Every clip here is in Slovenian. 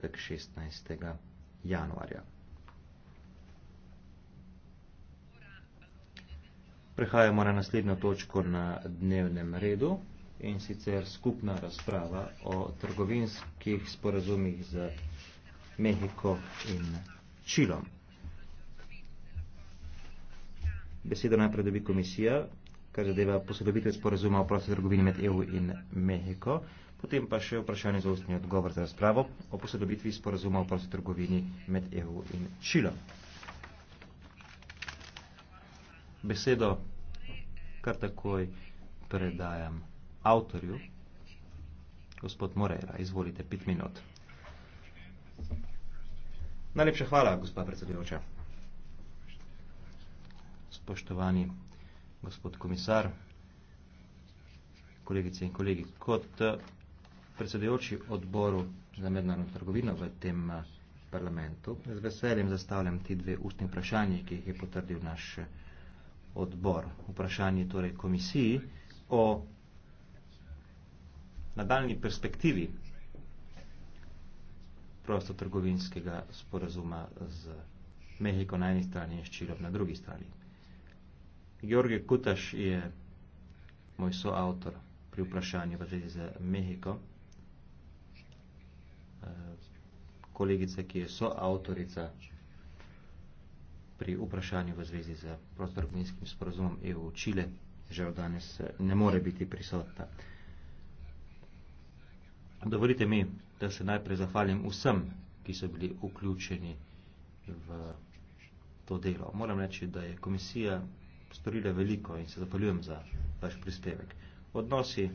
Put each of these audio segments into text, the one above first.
četrtek 16. januarja. Prehajamo na naslednjo točko na dnevnem redu in sicer skupna razprava o trgovinskih sporazumih z Mehiko in Čilom. Besedo najprej dobi komisija, kar zadeva posodobitev sporazuma o prosti trgovini med EU in Mehiko. Potem pa še vprašanje za ustni odgovor za razpravo o posodobitvi sporazuma o prosti trgovini med EU in Čilom. Besedo kar takoj predajam avtorju. Gospod Morera, izvolite pet minut. Najlepša hvala, gospa predsedujoča. Spoštovani gospod komisar, kolegice in kolegi. Kot predsedujoči odboru za mednarodno trgovino v tem eh, parlamentu. Z veseljem zastavljam ti dve ustni vprašanji, ki jih je potrdil naš eh, odbor. Vprašanje torej komisiji o nadaljni perspektivi prostotrgovinskega sporazuma z Mehiko na eni strani in s Čilom na drugi strani. Georgij Kutaš je moj soavtor pri vprašanju v zvezi z Mehiko. Eh, kolegica, ki je soautorica pri vprašanju v zvezi z prostorovinskim sporozumom EU v Čile, že od danes eh, ne more biti prisotna. Dovolite mi, da se najprej zahvalim vsem, ki so bili vključeni v to delo. Moram reči, da je komisija storila veliko in se zahvaljujem za vaš prispevek. Odnosi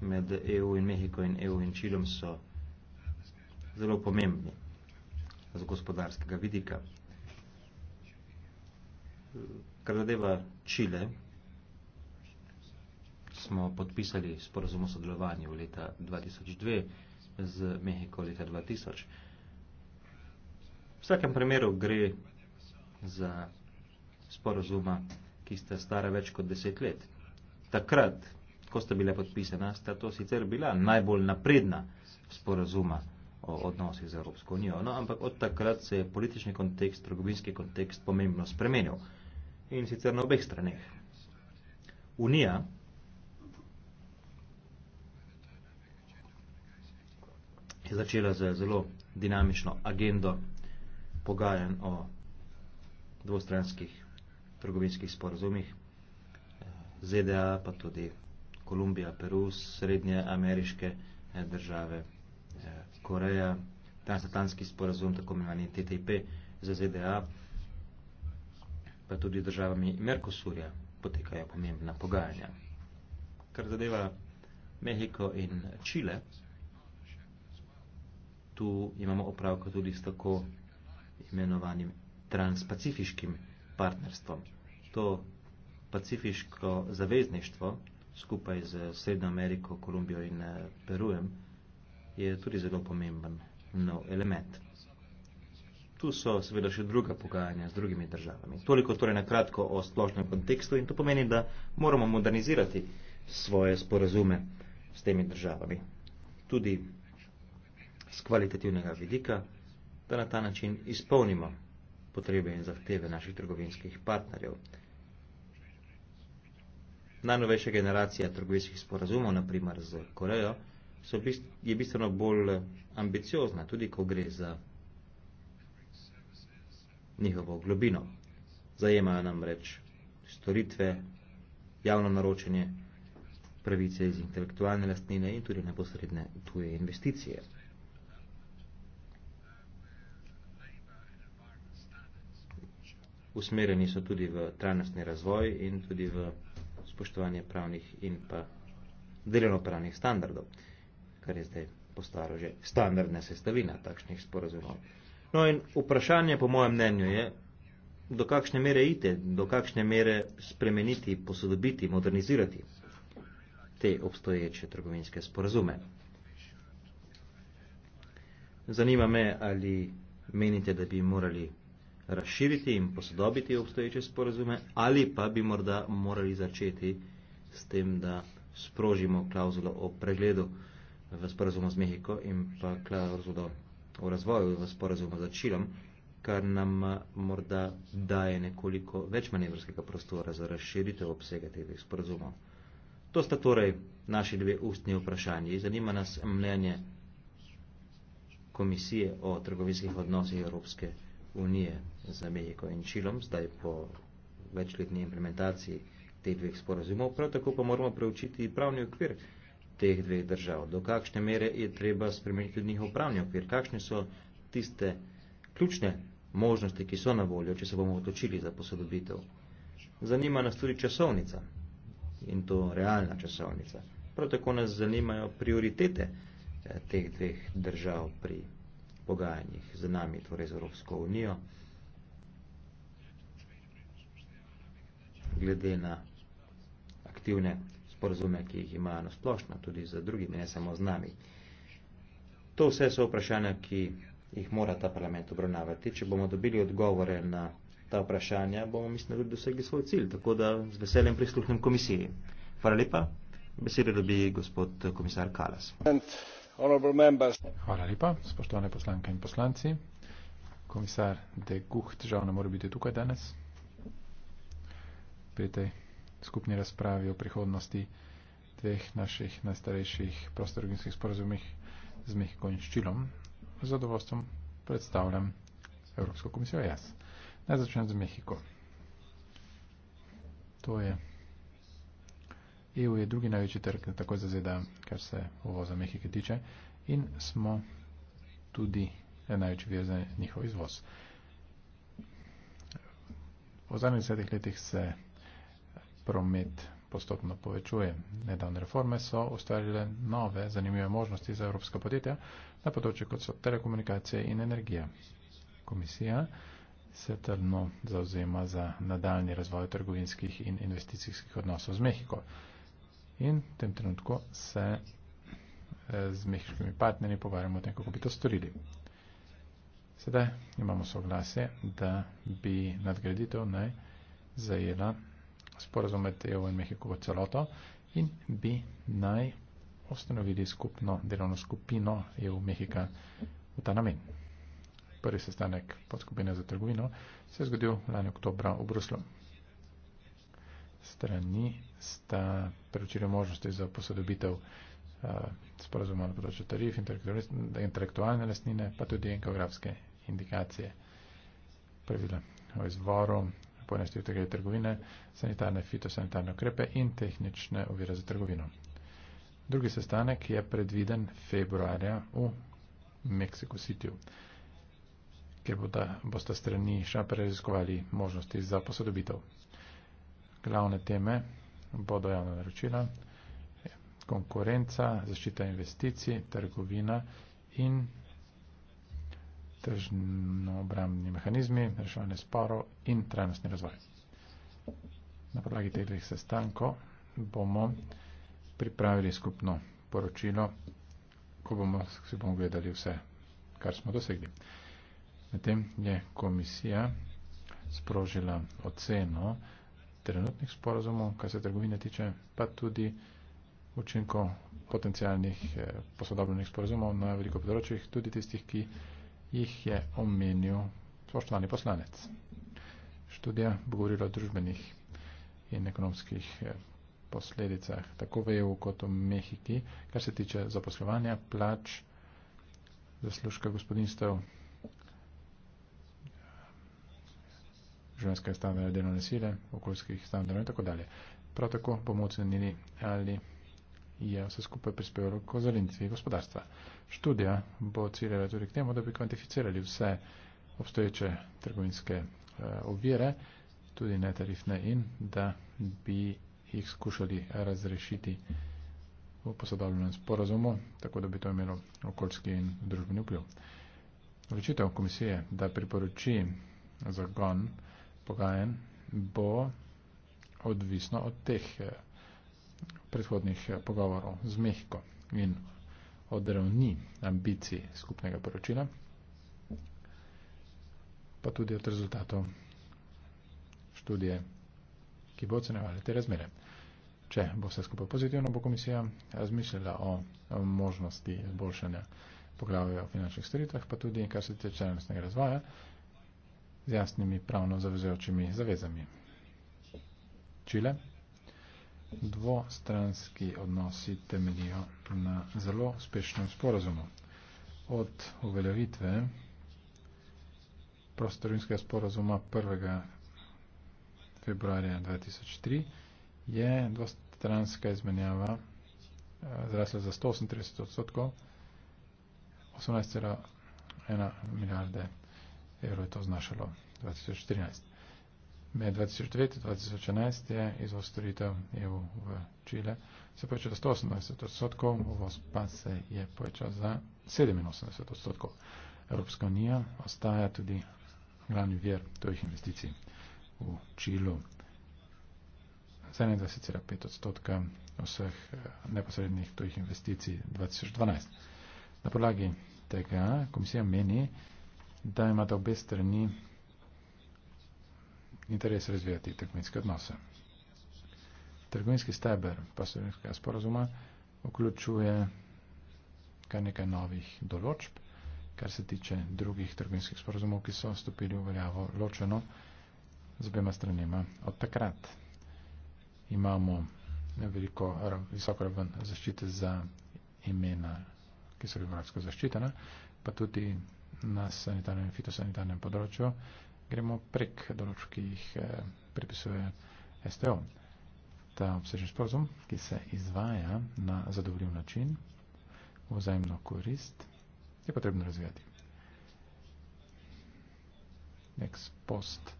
med EU in Mehiko in EU in Čilom so zelo pomembni z gospodarskega vidika. Kar zadeva Čile, smo podpisali sporazum o sodelovanju leta 2002 z Mehiko leta 2000. V vsakem primeru gre za sporazuma, ki sta stara več kot deset let. Takrat, ko sta bila podpisana, sta to sicer bila najbolj napredna sporazuma o odnosih z Evropsko unijo. No, ampak od takrat se je politični kontekst, trgovinski kontekst pomembno spremenil in sicer na obeh straneh. Unija je začela z zelo dinamično agendo pogajanj o dvostranskih trgovinskih sporazumih ZDA, pa tudi Kolumbija, Peru, srednje ameriške eh, države Koreja, ta satanski sporazum, tako imenovani TTIP za ZDA, pa tudi državami Merkosurja potekajo pomembna pogajanja. Kar zadeva Mehiko in Čile, tu imamo opravka tudi s tako imenovanim transpacifiškim partnerstvom. To pacifiško zavezništvo skupaj z Srednjo Ameriko, Kolumbijo in eh, Perujem, je tudi zelo pomemben nov element. Tu so seveda še druga pogajanja z drugimi državami. Toliko torej na kratko o splošnem kontekstu in to pomeni, da moramo modernizirati svoje sporazume s temi državami. Tudi z kvalitativnega vidika, da na ta način izpolnimo potrebe in zahteve naših trgovinskih partnerjev. Najnovejša generacija trgovinskih sporazumov, naprimer z Korejo, je bistveno bolj eh, ambiciozna, tudi ko gre za njihovo globino. Zajemajo nam reč storitve, javno naročenje, pravice iz intelektualne lastnine in tudi neposredne tuje investicije. Usmereni so tudi v trajnostni razvoj in tudi v spoštovanje pravnih in pa deljeno pravnih standardov kar je zdaj postalo že standardna sestavina takšnih sporazumov. No in vprašanje po mojem mnenju je, do kakšne mere ite, do kakšne mere spremeniti, posodobiti, modernizirati te obstoječe trgovinske sporazume. Zanima me, ali menite, da bi morali razširiti in posodobiti obstoječe sporazume, ali pa bi morda morali začeti s tem, da sprožimo klauzulo o pregledu v sporazumu z Mehiko in pa klauzulo o razvoju v sporazumu za Čilom, kar nam morda daje nekoliko več manevrskega prostora za razširitev obsega teh sporazumov. To sta torej naši dve ustni vprašanji. Zanima nas mnenje komisije o trgovinskih odnosih Evropske unije za Mehiko in Čilom, zdaj po večletni implementaciji teh dveh sporazumov. Prav tako pa moramo preučiti pravni okvir, teh dveh držav. Do kakšne mere je treba spremeniti tudi njihov pravni okvir? Kakšne so tiste ključne možnosti, ki so na voljo, če se bomo otočili za posodobitev? Zanima nas tudi časovnica in to realna časovnica. Prav tako nas zanimajo prioritete eh, teh dveh držav pri pogajanjih z nami, torej z Evropsko unijo, glede na aktivne sporozume, ki jih imajo na splošno, tudi z drugimi, ne samo z nami. To vse so vprašanja, ki jih mora ta parlament obravnavati. Če bomo dobili odgovore na ta vprašanja, bomo, mislim, tudi dosegli svoj cilj. Tako da z veseljem prisluhnem komisiji. Hvala lepa. Besedo dobi gospod komisar Kalas. Hvala lepa, spoštovane poslanke in poslanci. Komisar De Gucht žal ne more biti tukaj danes. Pri tej skupne razpravi o prihodnosti dveh naših najstarejših prostorovinskih sporozumih z Mihkojn Ščilom. Z zadovoljstvom predstavljam Evropsko komisijo jaz. Naj začnem z Mehiko. To je. EU je drugi največji trg, tako za ZDA, kar se uvoza Mehike tiče, in smo tudi največji vir za njihov izvoz. V zadnjih desetih letih se promet postopno povečuje. Nedavne reforme so ustvarile nove zanimive možnosti za evropska podjetja na področju kot so telekomunikacije in energija. Komisija se trdno zauzema za nadaljni razvoj trgovinskih in investicijskih odnosov z Mehiko. In v tem trenutku se eh, z mehiškimi partnerji pogovarjamo o tem, kako bi to storili. Sedaj imamo soglasje, da bi nadgraditev naj zajela sporazumete EU in Mehiko kot celoto in bi naj ustanovili skupno delovno skupino EU-Mehika v ta namen. Prvi sestanek podskupine za trgovino se je zgodil lani oktobra v Bruslu. Strani sta preučili možnosti za posodobitev uh, sporazuma na področju tarif, intelektualne lastnine, pa tudi geografske indikacije pravila o izvoru poenostavitev trgovine, sanitarne, fitosanitarne ukrepe in tehnične ovire za trgovino. Drugi sestanek je predviden februarja v Mexico City, kjer bo da, bosta strani še preiziskovali možnosti za posodobitev. Glavne teme bodo javna naročila, konkurenca, zaščita investicij, trgovina in tržno-obramni mehanizmi, reševanje sporov in trajnostni razvoj. Na podlagi teh dveh sestankov bomo pripravili skupno poročilo, ko bomo si bomo gledali vse, kar smo dosegli. Medtem je komisija sprožila oceno trenutnih sporozumov, kar se trgovine tiče, pa tudi učinko potencijalnih eh, posodobljenih sporozumov na veliko področjih, tudi tistih, ki jih je omenil spoštovani poslanec. Študija bo govorila o družbenih in ekonomskih eh, posledicah, tako v EU kot v Mehiki, kar se tiče zaposlovanja, plač, zaslužka gospodinstv, življenjske standarde delovne sile, okoljskih standardov in tako dalje. Prav tako bomo ocenili ali je vse skupaj prispevalo k ozelenici gospodarstva. Študija bo ciljala tudi k temu, da bi kvantificirali vse obstoječe trgovinske eh, ovire, tudi netarifne in, da bi jih skušali razrešiti v posodobljenem sporazumu, tako da bi to imelo okoljski in družbeni vpliv. Rečitev komisije, da priporoči zagon pogajen, bo odvisno od teh eh, predhodnih eh, pogovorov z mehko in odravni ambicij skupnega poročila, pa tudi od rezultatov študije, ki bo ocenjevali te razmere. Če bo vse skupaj pozitivno, bo komisija razmišljala o možnosti izboljšanja poglavja o finančnih storitvah, pa tudi, kar se tiče čelnostnega razvoja, z jasnimi pravno zavezujočimi zavezami. Čile dvostranski odnosi temeljijo na zelo uspešnem sporazumu. Od uveljavitve prostorinskega sporazuma 1. februarja 2003 je dvostranska izmenjava eh, zrasla za 138 odstotkov, 18,1 milijarde evrov je to znašalo 2014 med 2009 in 2011 je izvoz storitev EU v Čile se povečal za 180 odstotkov, uvoz pa se je povečal za 87 odstotkov. Evropska unija ostaja tudi glavni vir tujih investicij v Čilu. 27,5 odstotka vseh eh, neposrednih tujih investicij 2012. Na podlagi tega komisija meni, da imata obe strani interes razvijati trgovinske odnose. Trgovinski steber poslovnega sporazuma vključuje kar nekaj novih določb, kar se tiče drugih trgovinskih sporazumov, ki so stopili v veljavo ločeno z obema stranima od takrat. Imamo veliko, visoko raven zaščite za imena, ki so geografsko zaščitena, pa tudi na sanitarnem in fitosanitarnem področju gremo prek določb, ki jih eh, pripisuje STO. Ta obsežen sporozum, ki se izvaja na zadovoljiv način, v vzajemno korist, je potrebno razvijati. Nek post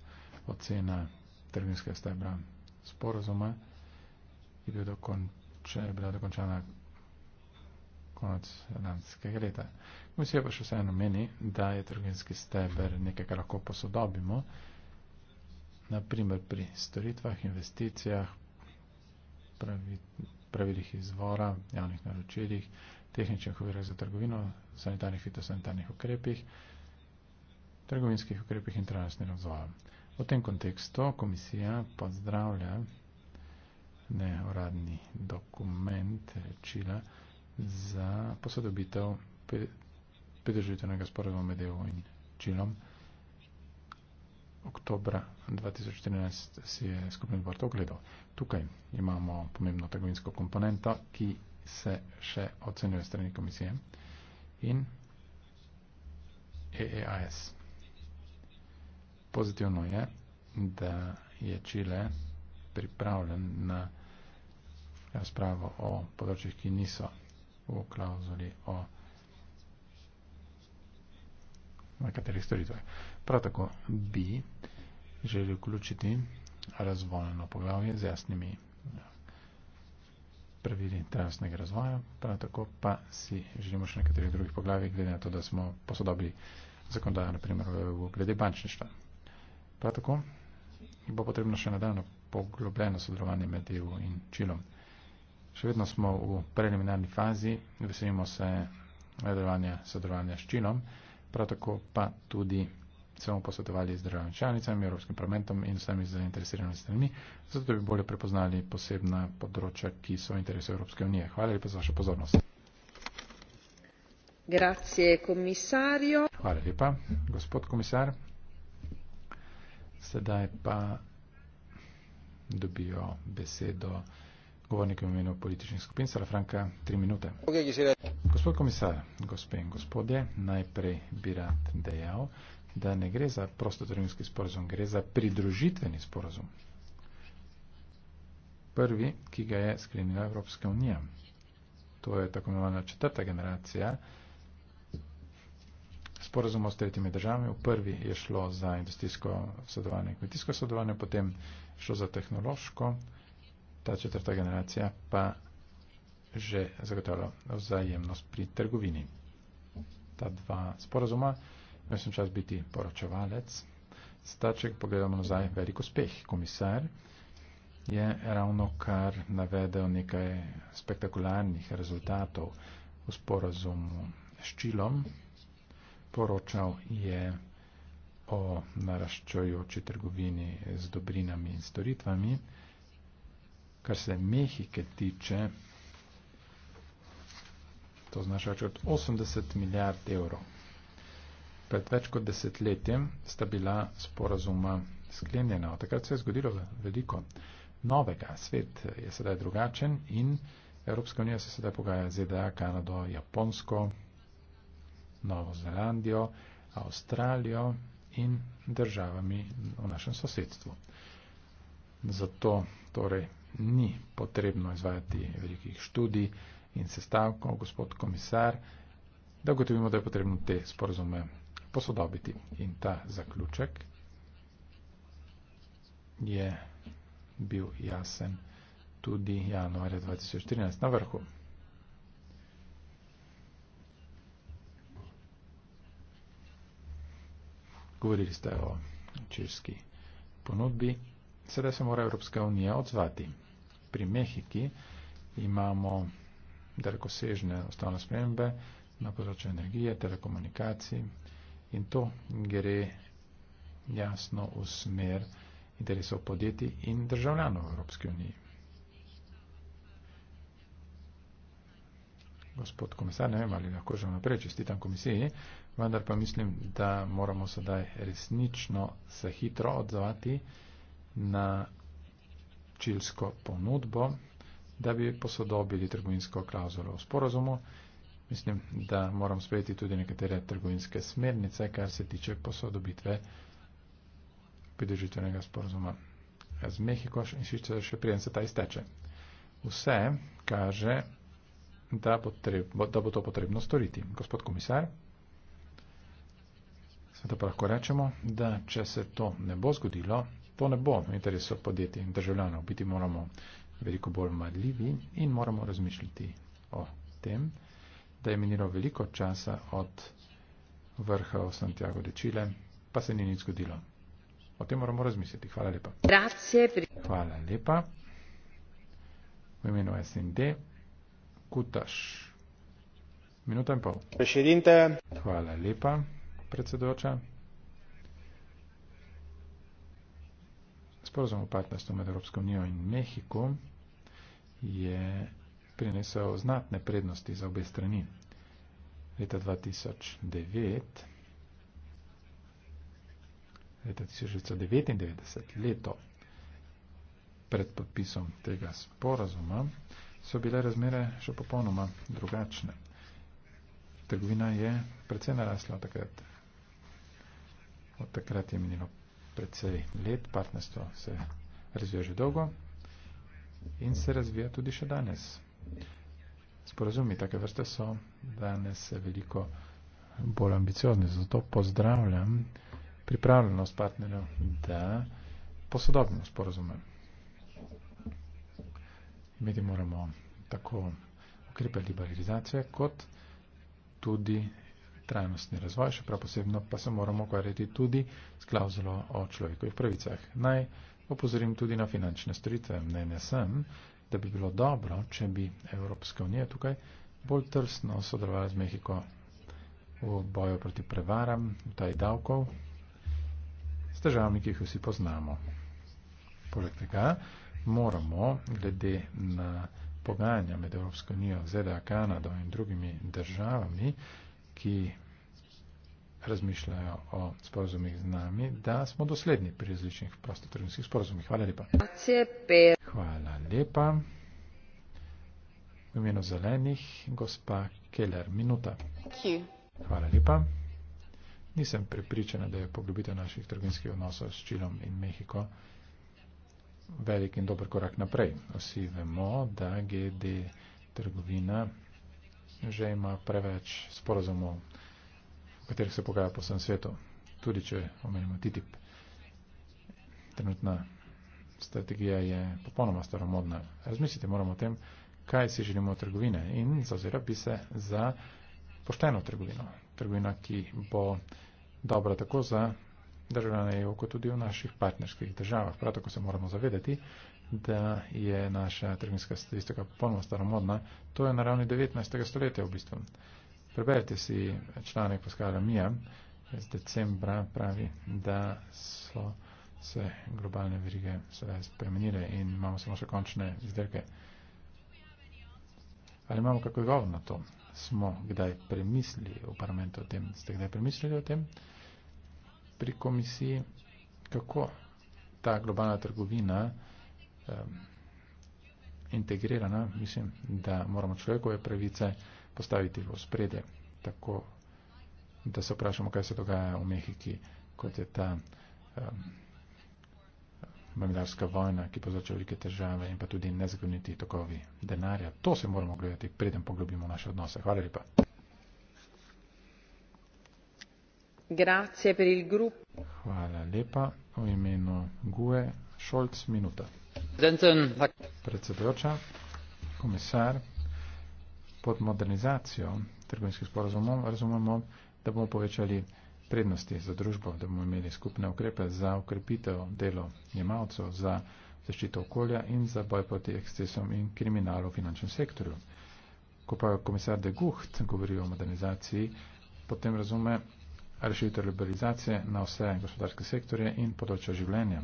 ocena trgovinskega stebra sporozuma je bila dokončana konec lanskega leta. Komisija pa še vseeno meni, da je trgovinski steber nekaj, kar lahko posodobimo, naprimer pri storitvah, investicijah, pravi, pravilih izvora, javnih naročilih, tehničnih uvirah za trgovino, sanitarnih fitosanitarnih ukrepih, trgovinskih ukrepih in trajnostnih razvojem. V tem kontekstu komisija pozdravlja neuradni dokument rečila, za posodobitev pridržitevnega sporozuma med EU in Čilom. Oktobra 2014 si je skupni odbor to ogledal. Tukaj imamo pomembno trgovinsko komponento, ki se še ocenjuje strani komisije in EEAS. Pozitivno je, da je Čile pripravljen na razpravo o področjih, ki niso o klauzuli o nekaterih storitvah. Prav tako bi želi vključiti razvojno poglavje z jasnimi ja, pravili trenutnega razvoja, prav tako pa si želimo še nekaterih drugih poglavij, glede na to, da smo posodobili zakonodajo, naprimer v glede bančništva. Prav tako bo potrebno še nadaljno poglobljeno sodelovanje med EU in Čilom. Še vedno smo v preliminarni fazi, veselimo se nadaljevanja sodelovanja s Čilom, prav tako pa tudi se bomo posvetovali z državami članicami, Evropskim parlamentom in vsemi zainteresiranimi stranmi, zato da bi bolje prepoznali posebna področja, ki so v interesu Evropske unije. Hvala lepa za vašo pozornost. Grazie, komisarjo. Hvala lepa, gospod komisar. Sedaj pa dobijo besedo govornikom imenu političnih skupin. Sala Franka, tri minute. Okay, Gospod komisar, gospe in gospodje, najprej bi rad dejal, da ne gre za prostotrinski sporozum, gre za pridružitveni sporozum. Prvi, ki ga je sklenila Evropska unija. To je tako imenovana četrta generacija sporozumov s tretjimi državami. V prvi je šlo za industrijsko sodelovanje in kmetijsko sodelovanje, potem šlo za tehnološko ta četrta generacija pa že zagotavlja vzajemnost pri trgovini. Ta dva sporazuma, imel sem čas biti poročevalec, sta, če pogledamo nazaj, velik uspeh. Komisar je ravno kar navedel nekaj spektakularnih rezultatov v sporazumu s Čilom. Poročal je o naraščajoči trgovini z dobrinami in storitvami kar se Mehike tiče, to znaš več od 80 milijard evrov. Pred več kot desetletjem sta bila sporazuma sklenjena. Od takrat se je zgodilo veliko novega. Svet je sedaj drugačen in Evropska unija se sedaj pogaja ZDA, Kanado, Japonsko, Novo Zelandijo, Avstralijo in državami v našem sosedstvu. Zato torej ni potrebno izvajati velikih študij in sestavkov, gospod komisar, da ugotovimo, da je potrebno te sporozume posodobiti. In ta zaključek je bil jasen tudi januarja 2014 na vrhu. Govorili ste o češki ponudbi, sedaj se mora Evropska unija odzvati pri Mehiki imamo delkosežne ostalne spremembe na področju energije, telekomunikacij in to gre jasno v smer interesov podjetij in državljanov v Evropski uniji. Gospod komisar, ne vem, ali lahko že naprej čestitam komisiji, vendar pa mislim, da moramo sedaj resnično se hitro odzvati na plačilsko ponudbo, da bi posodobili trgovinsko klauzulo v sporozumu. Mislim, da moram sprejeti tudi nekatere trgovinske smernice, kar se tiče posodobitve pridružitvenega sporozuma z Mehiko in sicer še preden se ta izteče. Vse kaže, da, potreb, da bo to potrebno storiti. Gospod komisar, sveto pa lahko rečemo, da če se to ne bo zgodilo, To ne bo v interesu podjetij in državljanov. Biti moramo veliko bolj marljivi in moramo razmišljati o tem, da je minilo veliko časa od vrha v Santiago de Chile, pa se ni nič zgodilo. O tem moramo razmisliti. Hvala lepa. Hvala lepa. V imenu SND Kutaš. Minuta in pol. Hvala lepa, predsedoča. sporozum o partnerstvu med Evropsko unijo in Mehiko je prinesel znatne prednosti za obe strani. Leta 2009, leta 1999, leto pred podpisom tega sporozuma, so bile razmere še popolnoma drugačne. Trgovina je predvsej narasla od takrat. Od takrat je minilo precej let, partnerstvo se razvija že dolgo in se razvija tudi še danes. Sporazumi take vrste so danes veliko bolj ambiciozni, zato pozdravljam pripravljenost partnerjev, da posodobimo sporazume. Imeti moramo tako ukrepe liberalizacije, kot tudi trajnostni razvoj, še prav posebno pa se moramo ukvarjati tudi s klauzulo o človekovih pravicah. Naj opozorim tudi na finančne storitve. Mnenja sem, da bi bilo dobro, če bi Evropska unija tukaj bolj trsno sodelovala z Mehiko v boju proti prevaram, v taj davkov, s državami, ki jih vsi poznamo. Poleg tega moramo, glede na pogajanja med Evropsko unijo, ZDA, Kanado in drugimi državami, ki razmišljajo o sporozumih z nami, da smo dosledni pri različnih prostotrgovinskih sporozumih. Hvala lepa. Hvala lepa. V imenu zelenih, gospa Keller, minuta. Hvala lepa. Nisem prepričana, da je poglobitev naših trgovinskih odnosov s Čilom in Mehiko velik in dober korak naprej. Vsi vemo, da GD trgovina že ima preveč sporazumov, v katerih se pogaja po vsem svetu, tudi če omenimo TTIP. Trenutna strategija je popolnoma staromodna. Razmislite moramo o tem, kaj si želimo od trgovine in zazira bi se za pošteno trgovino. Trgovina, ki bo dobra tako za državljane EU, kot tudi v naših partnerskih državah. Prav tako se moramo zavedeti, da je naša trgovinska statistika popolnoma staromodna. To je na ravni 19. stoletja v bistvu. Preberite si članek Paskala Mija iz decembra pravi, da so se globalne verige sedaj spremenile in imamo samo še končne izdelke. Ali imamo kako govor na to? Smo kdaj premislili v parlamentu o tem? Ste kdaj premislili o tem? Pri komisiji, kako ta globalna trgovina integrirana, mislim, da moramo človekove pravice postaviti v spredje, tako da se vprašamo, kaj se dogaja v Mehiki, kot je ta um, mamilarska vojna, ki povzroča velike težave in pa tudi nezakoniti tokovi denarja. To se moramo gledati, preden poglobimo naše odnose. Hvala lepa. Hvala lepa. V imenu Gue, Šolc, minuta predsedujoča, komisar, pod modernizacijo trgovinskih sporozumov razumemo, da bomo povečali prednosti za družbo, da bomo imeli skupne ukrepe za ukrepitev delo jemalcev, za zaščito okolja in za boj proti ekscesom in kriminalu v finančnem sektorju. Ko pa komisar de Gucht govori o modernizaciji, potem razume rešitev liberalizacije na vse gospodarske sektorje in področja življenja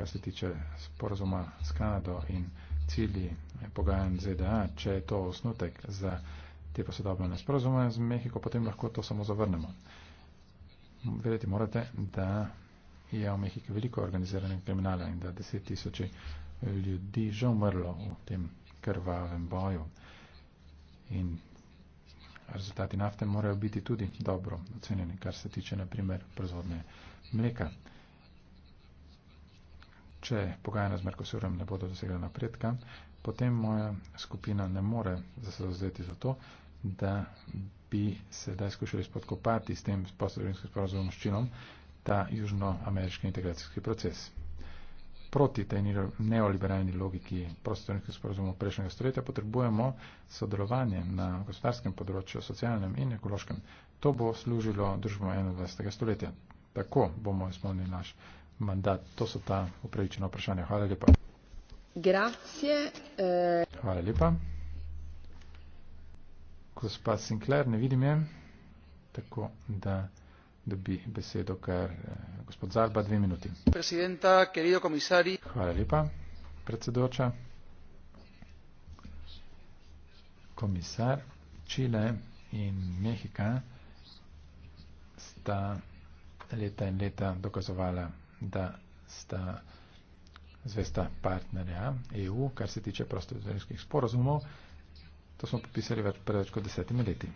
kar se tiče sporazuma s Kanado in cilji pogajanj ZDA, če je to osnutek za te posodobljene sporazume z Mehiko, potem lahko to samo zavrnemo. Vedeti morate, da je v Mehiki veliko organiziranih kriminala in da deset tisoči ljudi že umrlo v tem krvavem boju. In rezultati nafte morajo biti tudi dobro ocenjeni, kar se tiče naprimer proizvodne mleka če pogajanja z Merkosurjem ne bodo dosegla napredka, potem moja skupina ne more zasedozeti za to, da bi se daj skušali spodkopati s tem posredovinskim sporazumom s Činom ta južnoameriški integracijski proces. Proti tej neoliberalni logiki prostornih sporozumov prejšnjega stoletja potrebujemo sodelovanje na gospodarskem področju, socialnem in ekološkem. To bo služilo družbo 21. stoletja. Tako bomo izpolnili naš mandat. To so ta upravičena vprašanja. Hvala lepa. Grazie. Eh... Hvala lepa. Gospa Sinclair, ne vidim je, tako da dobi besedo kar eh, gospod Zarba, dve minuti. Hvala lepa, predsedoča. Komisar Čile in Mehika sta leta in leta dokazovala da sta zvesta partnerja EU, kar se tiče prostovoljskih sporozumov. To smo popisali več pred več kot desetimi leti.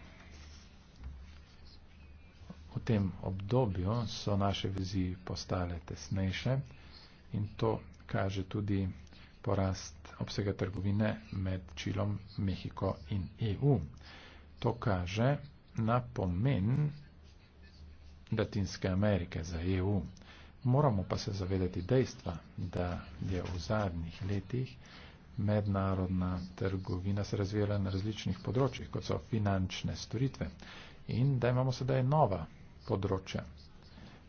V tem obdobju so naše vizi postale tesnejše in to kaže tudi porast obsega trgovine med Čilom, Mehiko in EU. To kaže na pomen Latinske Amerike za EU. Moramo pa se zavedati dejstva, da je v zadnjih letih mednarodna trgovina se razvijala na različnih področjih, kot so finančne storitve. In da imamo sedaj nova področja,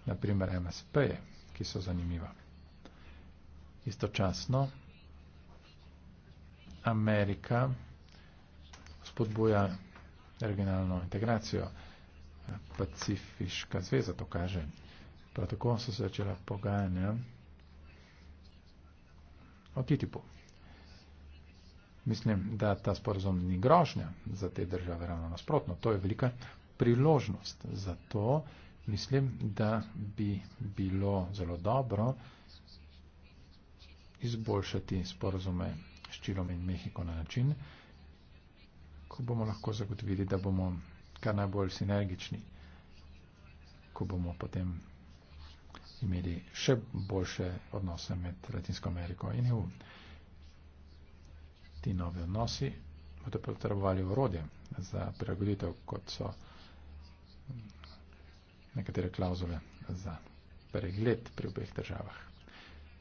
naprimer MSP-je, ki so zanimiva. Istočasno Amerika spodbuja regionalno integracijo. Pacifiška zveza to kaže Prav tako so se začela pogajanja o TTIP-u. Mislim, da ta sporozum ni grožnja za te države, ravno nasprotno. To je velika priložnost. Zato mislim, da bi bilo zelo dobro izboljšati sporozume s Čilom in Mehiko na način, ko bomo lahko zagotovili, da bomo kar najbolj sinergični, ko bomo potem imeli še boljše odnose med Latinsko Ameriko in EU. Ti nove odnosi bodo potrebovali urodje za prilagoditev, kot so nekatere klauzule za pregled pri obeh državah.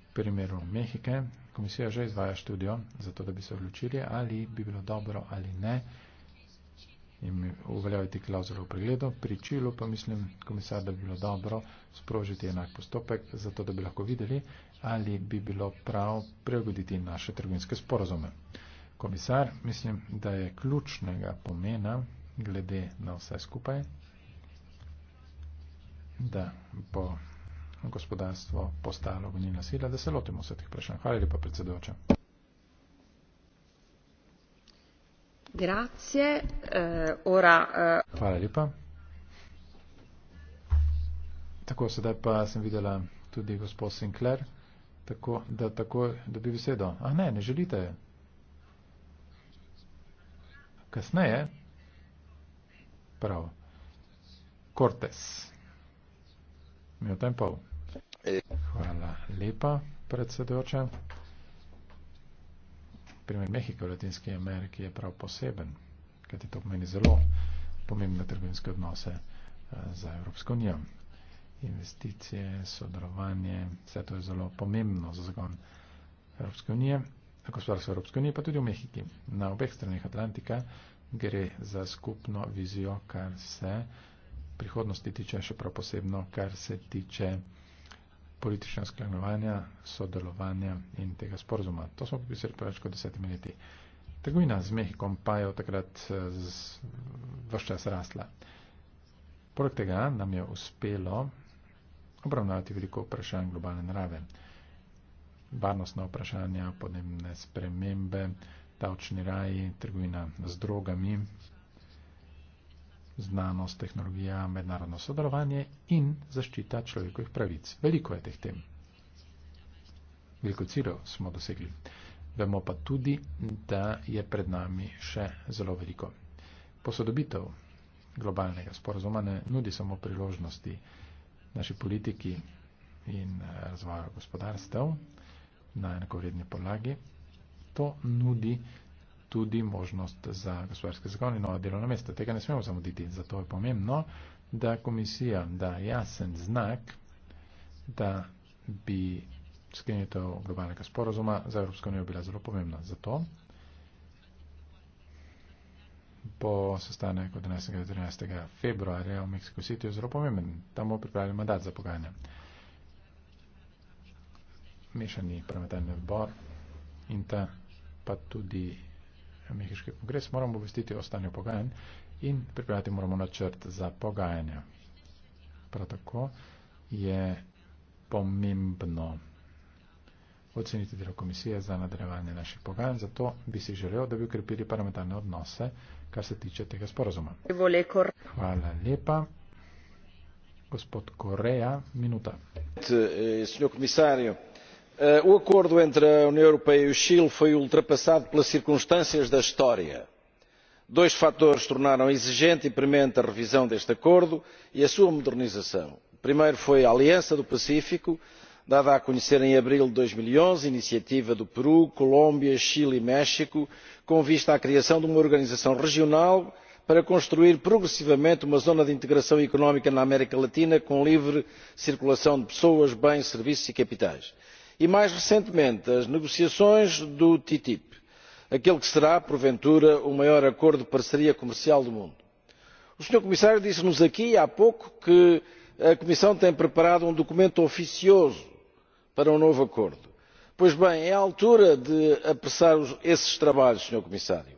V primeru Mehike komisija že izvaja študijo, zato da bi se odločili, ali bi bilo dobro ali ne in uveljaviti klauzulo v pregledu. Pri Čilu pa mislim, komisar, da bi bilo dobro sprožiti enak postopek, zato da bi lahko videli, ali bi bilo prav preugoditi naše trgovinske sporozume. Komisar, mislim, da je ključnega pomena glede na vse skupaj, da bo gospodarstvo postalo gonilna sila, da se lotimo vseh teh vprašanj. Hvala lepa, predsedujoča. Eh, eh, Hvala lepa. Tako, sedaj pa sem videla tudi gospod Sinclair, tako da takoj dobi besedo. A ne, ne želite. Kasneje. Prav. Cortes. Minuta in pol. Eh. Hvala lepa, predsedujoča primer Mehike v Latinski Ameriki je prav poseben, kajti to pomeni zelo pomembne trgovinske odnose eh, za Evropsko unijo. Investicije, sodelovanje, vse to je zelo pomembno za zagon Evropske unije, gospodarstvo Evropske unije, pa tudi v Mehiki. Na obeh stranih Atlantika gre za skupno vizijo, kar se prihodnosti tiče, še prav posebno, kar se tiče politična sklanovanja, sodelovanja in tega sporozuma. To smo popisali preveč kot desetimi leti. Trgovina z Mehikom pa je od takrat eh, vse čas rasla. Poleg tega nam je uspelo obravnavati veliko vprašanj globalne narave. Varnostna vprašanja, podnebne spremembe, davčni raji, trgovina z drogami, znanost, tehnologija, mednarodno sodelovanje in zaščita človekovih pravic. Veliko je teh tem. Veliko ciljev smo dosegli. Vemo pa tudi, da je pred nami še zelo veliko. Posodobitev globalnega sporozuma ne nudi samo priložnosti naši politiki in razvoju gospodarstev na enakovredni podlagi. To nudi tudi možnost za gospodarske zakone in nova delovna mesta. Tega ne smemo zamuditi. Zato je pomembno, da komisija da jasen znak, da bi sklenitev globalnega sporozuma za Evropsko unijo bila zelo pomembna. Zato bo sestanek od 11. do 13. februarja v Mexico City zelo pomemben. Tam bomo pripravili mandat za pogajanja. Mešani parlamentarni odbor in ta pa tudi Mehiški kongres, moramo obvestiti o stanju pogajanj in pripraviti moramo načrt za pogajanja. Prav tako je pomembno oceniti delo komisije za nadaljevanje naših pogajanj, zato bi si želel, da bi ukrepili parlamentarne odnose, kar se tiče tega sporazuma. Hvala lepa. Gospod Koreja, minuta. Eh, Gospod komisarju. Eh, o acordo entre a união europeia e o chile foi ultrapassado pelas circunstâncias da história. dois fatores tornaram exigente e premente a revisão deste acordo e a sua modernização. o primeiro foi a aliança do pacífico dada a conhecer em abril de dois mil e onze iniciativa do peru colômbia chile e méxico com vista à criação de uma organização regional para construir progressivamente uma zona de integração económica na américa latina com livre circulação de pessoas bens serviços e capitais e mais recentemente as negociações do ttip aquele que será porventura o maior acordo de parceria comercial do mundo. o senhor comissário disse nos aqui há pouco que a comissão tem preparado um documento oficioso para um novo acordo. pois bem é a altura de apressar esses trabalhos senhor comissário.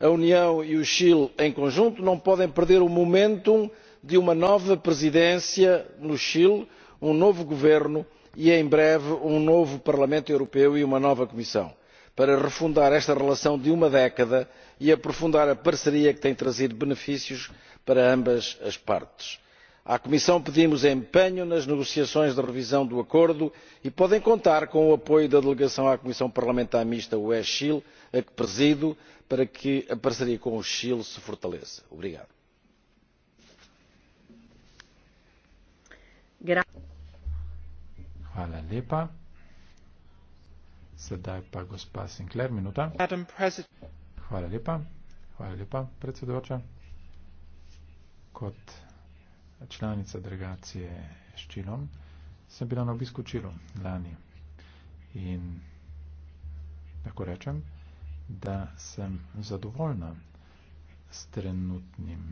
a união e o chile em conjunto não podem perder o momento de uma nova presidência no chile um novo governo e em breve um novo parlamento europeu e uma nova comissão para refundar esta relação de uma década e aprofundar a parceria que tem trazido benefícios para ambas as partes. à comissão pedimos empenho nas negociações de revisão do acordo e podem contar com o apoio da delegação à comissão parlamentar mista ue chile a que presido para que a parceria com o chile se fortaleça. obrigado. Hvala lepa. Sedaj pa gospa Sinclair, minuta. Hvala lepa. Hvala lepa, predsedoča. Kot članica delegacije s Čilom sem bila na obisku Čilom lani in lahko rečem, da sem zadovoljna s trenutnim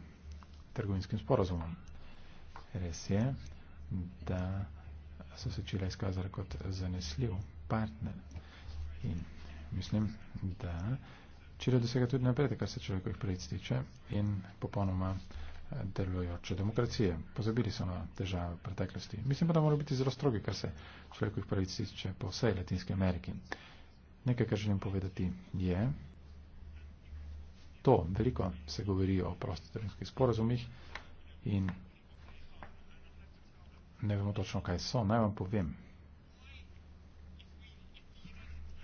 trgovinskim sporozumom. Res je, da so se čile izkazali kot zanesljiv partner. In mislim, da čile dosega tudi napredek, kar se človekovih pravic tiče, in popolnoma eh, delujoče demokracije. Pozabili so na težave v preteklosti. Mislim pa, da moramo biti zelo strogi, kar se človekovih pravic tiče po vsej Latinske Ameriki. Nekaj, kar želim povedati, je to, veliko se govori o prostitutivnih sporazumih in Ne vemo točno, kaj so. Naj vam povem.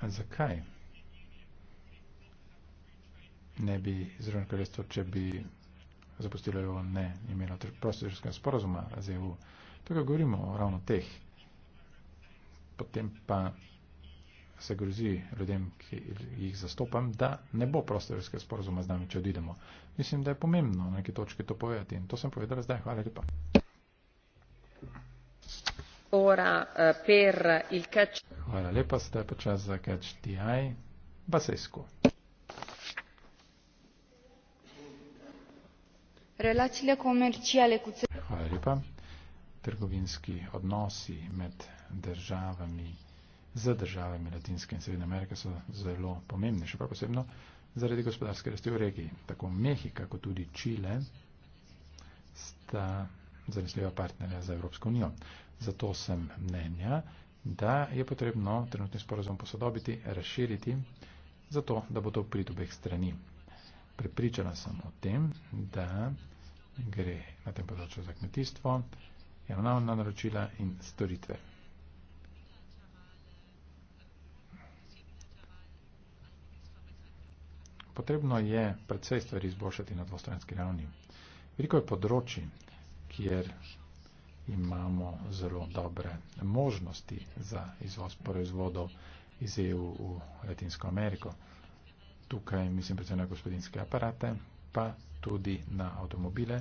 Zakaj ne bi Združeno kraljestvo, če bi zapustilo EU, ne imelo prostitutskega sporozuma z EU? Tukaj govorimo o ravno teh. Potem pa se grozi ljudem, ki jih zastopam, da ne bo prostorske sporozuma z nami, če odidemo. Mislim, da je pomembno na neki točki to povedati in to sem povedal zdaj. Hvala lepa ora eh, per il catch. Hvala lepa, zdaj pa čas za catch TI. Basesko. Relacije komercijale kot se. Hvala lepa. Trgovinski odnosi med državami, z državami Latinske in Srednje Amerike so zelo pomembni, še pa posebno zaradi gospodarske rasti v regiji. Tako Mehika kot tudi Čile sta zanesljiva partnerja za Evropsko unijo. Zato sem mnenja, da je potrebno trenutni sporozum posodobiti, razširiti, zato da bo to prid obeh strani. Prepričana sem o tem, da gre na tem področju za kmetijstvo, javna naročila in storitve. Potrebno je predvsej stvari izboljšati na dvostranski ravni. Veliko je področji, kjer imamo zelo dobre možnosti za izvoz proizvodov iz EU v Latinsko Ameriko. Tukaj mislim predvsem na gospodinske aparate, pa tudi na avtomobile,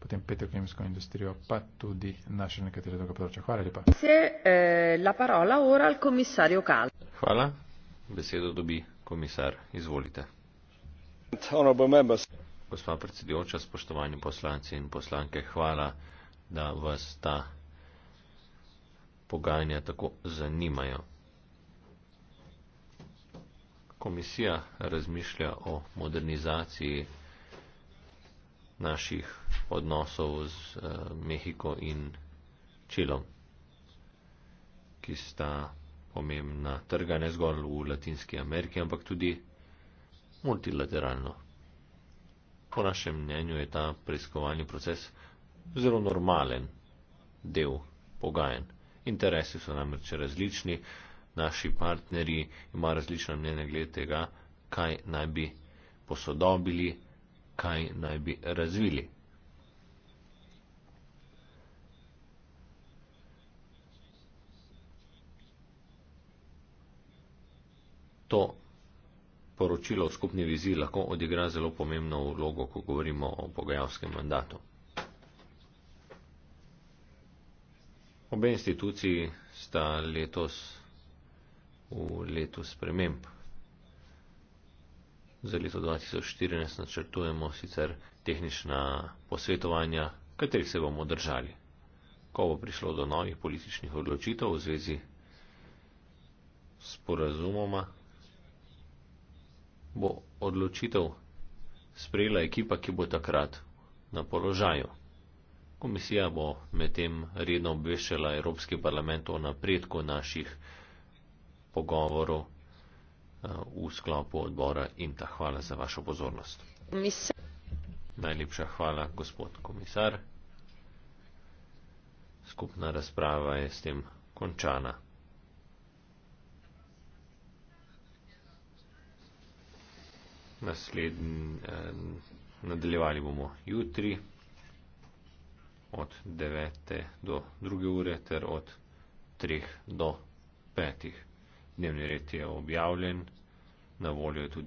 potem petrokemijsko industrijo, pa tudi na še nekatere druga področja. Hvala lepa. Eh, hvala. Besedo dobi komisar. Izvolite. Gospa predsedujoča, spoštovani poslanci in poslanke, hvala da vas ta pogajanja tako zanimajo. Komisija razmišlja o modernizaciji naših odnosov z eh, Mehiko in Čilom, ki sta pomembna trga ne zgolj v Latinski Ameriki, ampak tudi multilateralno. Po našem mnenju je ta preiskovalni proces zelo normalen del pogajanj. Interesi so namreč različni, naši partnerji imajo različno mnenje glede tega, kaj naj bi posodobili, kaj naj bi razvili. To poročilo o skupni viziji lahko odigra zelo pomembno vlogo, ko govorimo o pogajalskem mandatu. Obe instituciji sta letos v letu sprememb. Za leto 2014 načrtujemo sicer tehnična posvetovanja, katerih se bomo držali. Ko bo prišlo do novih političnih odločitev v zvezi s porazumoma, bo odločitev sprejela ekipa, ki bo takrat na položaju. Komisija bo medtem redno obveščala Evropski parlament o napredku naših pogovorov eh, v sklopu odbora in ta hvala za vašo pozornost. Komisar. Najlepša hvala, gospod komisar. Skupna razprava je s tem končana. Naslednji, eh, nadaljevali bomo jutri od 9. do 2. ure ter od 3. do 5. Dnevni red je objavljen, na voljo je tudi.